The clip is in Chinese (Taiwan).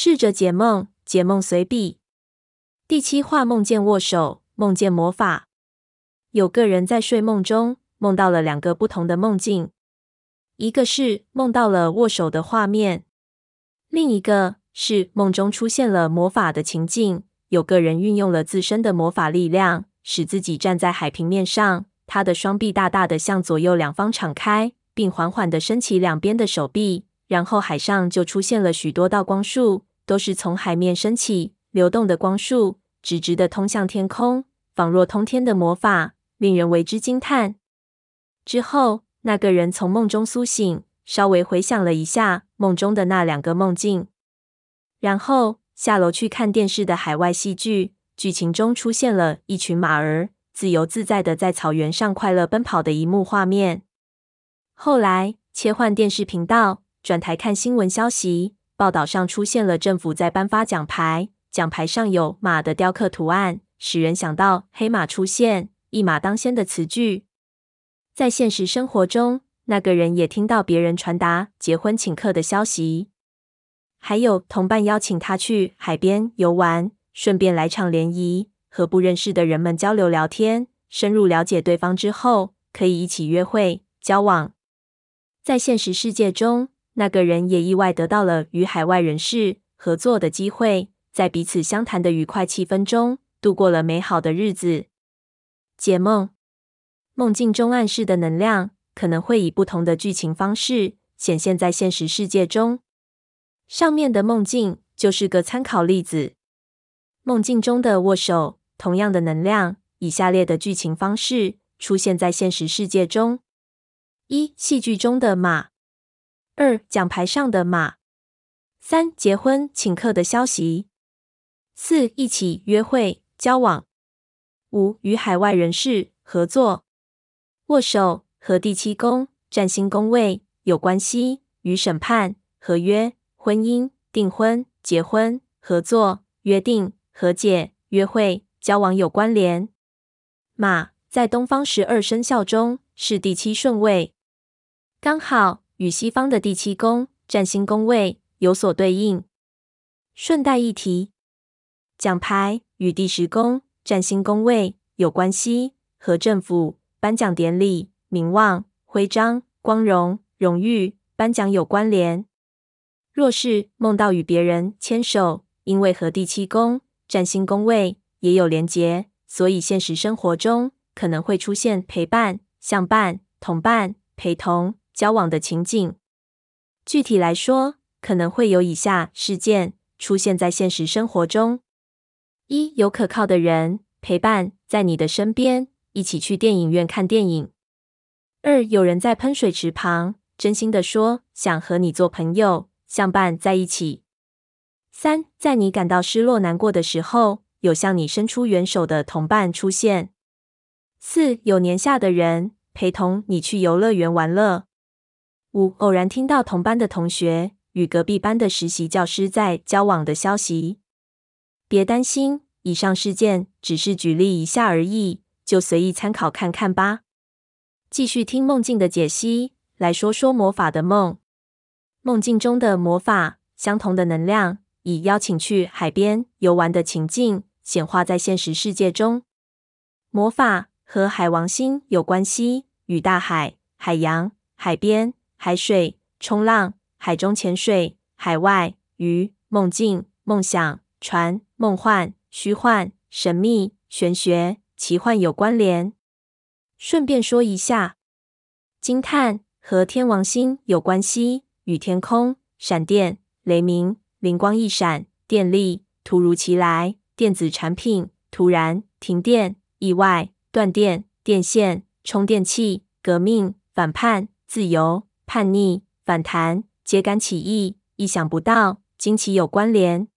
試着解夢，解夢隨筆第七話：夢見握手，夢見魔法。有個人在睡夢中夢到了兩個不同的夢境，一個是夢到了握手的畫面，另一個是夢中出現了魔法的情境。有個人運用了自身的魔法力量，使自己站在海平面上，他的雙臂大大的向左右兩方敞開，並緩緩地升起兩邊的手臂，然後海上就出現了許多道光束。都是從海面升起，流動的光束，直直的通向天空，仿若通天的魔法，令人為之驚嘆。之後，那個人從夢中甦醒，稍微回想了一下夢中的那兩個夢境，然後下樓去看電視的海外戲劇，劇情中出現了一群馬兒自由自在的在草原上快樂奔跑的一幕畫面。後來，切換電視頻道，轉台看新聞消息。報道上出現了政府在頒發獎牌，獎牌上有馬的雕刻圖案，使人想到“黑馬出現，一馬當先”的詞句。在現實生活中，那個人也聽到別人傳達結婚請客的消息，還有同伴邀請他去海邊遊玩，順便來場聯誼，和不認識的人們交流聊天，深入了解對方之後，可以一起約會交往。在現實世界中。那個人也意外得到了與海外人士合作的機會，在彼此相談的愉快氣氛中度過了美好的日子。解夢，夢境中暗示的能量可能會以不同的劇情方式顯現在現實世界中。上面的夢境就是個參考例子。夢境中的握手，同樣的能量，以下列的劇情方式出現在現實世界中：一、戲劇中的馬。二獎牌上的馬，三結婚請客的消息，四一起約會交往，五與海外人士合作。握手和第七宮占星宮位有關係，與審判、合約、婚姻、訂婚、結婚、合作、約定、和解、約會、交往有關聯。馬在東方十二生肖中是第七順位，剛好。與西方的第七宮占星宮位有所對應。順帶一提，獎牌與第十宮占星宮位有關係，和政府頒獎典禮、名望、徽章、光榮、榮譽、頒獎有關聯。若是夢到與別人牽手，因為和第七宮占星宮位也有連結，所以現實生活中可能會出現陪伴、相伴、同伴、陪同。交往的情景，具體來說，可能會有以下事件出現在現實生活中：一、有可靠的人陪伴在你的身邊，一起去電影院看電影；二、有人在噴水池旁真心的說想和你做朋友，相伴在一起；三、在你感到失落難過的時候，有向你伸出援手的同伴出現；四、有年下的人陪同你去遊樂園玩樂。偶然聽到同班的同學與隔壁班的實習教師在交往的消息。別擔心，以上事件只是舉例一下而已，就隨意參考看看吧。繼續聽夢境的解析，來說說魔法的夢。夢境中的魔法，相同的能量，以邀請去海邊遊玩的情境顯化在現實世界中。魔法和海王星有關係，與大海、海洋、海邊、海水、衝浪、海中潛水、海外、魚、夢境、夢想、船、夢幻、虛幻、神秘、玄學、奇幻有關聯。順便說一下，驚嘆和天王星有關係，與天空、閃電、雷鳴、靈光一閃、電力、突如其來、電子產品、突然、停電、意外、斷電、電線、充電器、革命、反叛、自由。叛逆、反彈、揭竿起義、意想不到、驚奇有關聯。